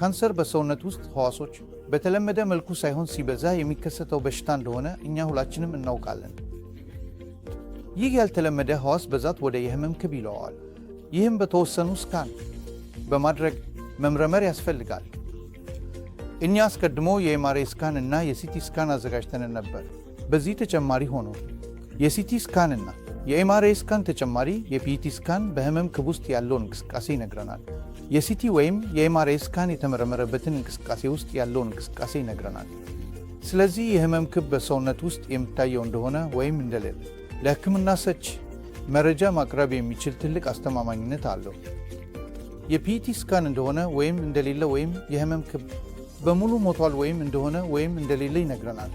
ካንሰር በሰውነት ውስጥ ህዋሶች በተለመደ መልኩ ሳይሆን ሲበዛ የሚከሰተው በሽታ እንደሆነ እኛ ሁላችንም እናውቃለን። ይህ ያልተለመደ ህዋስ በዛት ወደ የህመም ክብ ይለዋል። ይህም በተወሰኑ ስካን በማድረግ መምረመር ያስፈልጋል። እኛ አስቀድሞ የኤምአርአይ ስካን እና የሲቲ ስካን አዘጋጅተን ነበር። በዚህ ተጨማሪ ሆኖ የሲቲ ስካን እና የኤምአርአይ ስካን ተጨማሪ የፒቲ ስካን በህመም ክብ ውስጥ ያለውን እንቅስቃሴ ይነግረናል። የሲቲ ወይም የኤምአርአይ ስካን የተመረመረበትን እንቅስቃሴ ውስጥ ያለውን እንቅስቃሴ ይነግረናል። ስለዚህ የህመም ክብ በሰውነት ውስጥ የምታየው እንደሆነ ወይም እንደሌለ ለህክምና ሰች መረጃ ማቅረብ የሚችል ትልቅ አስተማማኝነት አለው። የፒቲ ስካን እንደሆነ ወይም እንደሌለ ወይም የህመም ክብ በሙሉ ሞቷል ወይም እንደሆነ ወይም እንደሌለ ይነግረናል።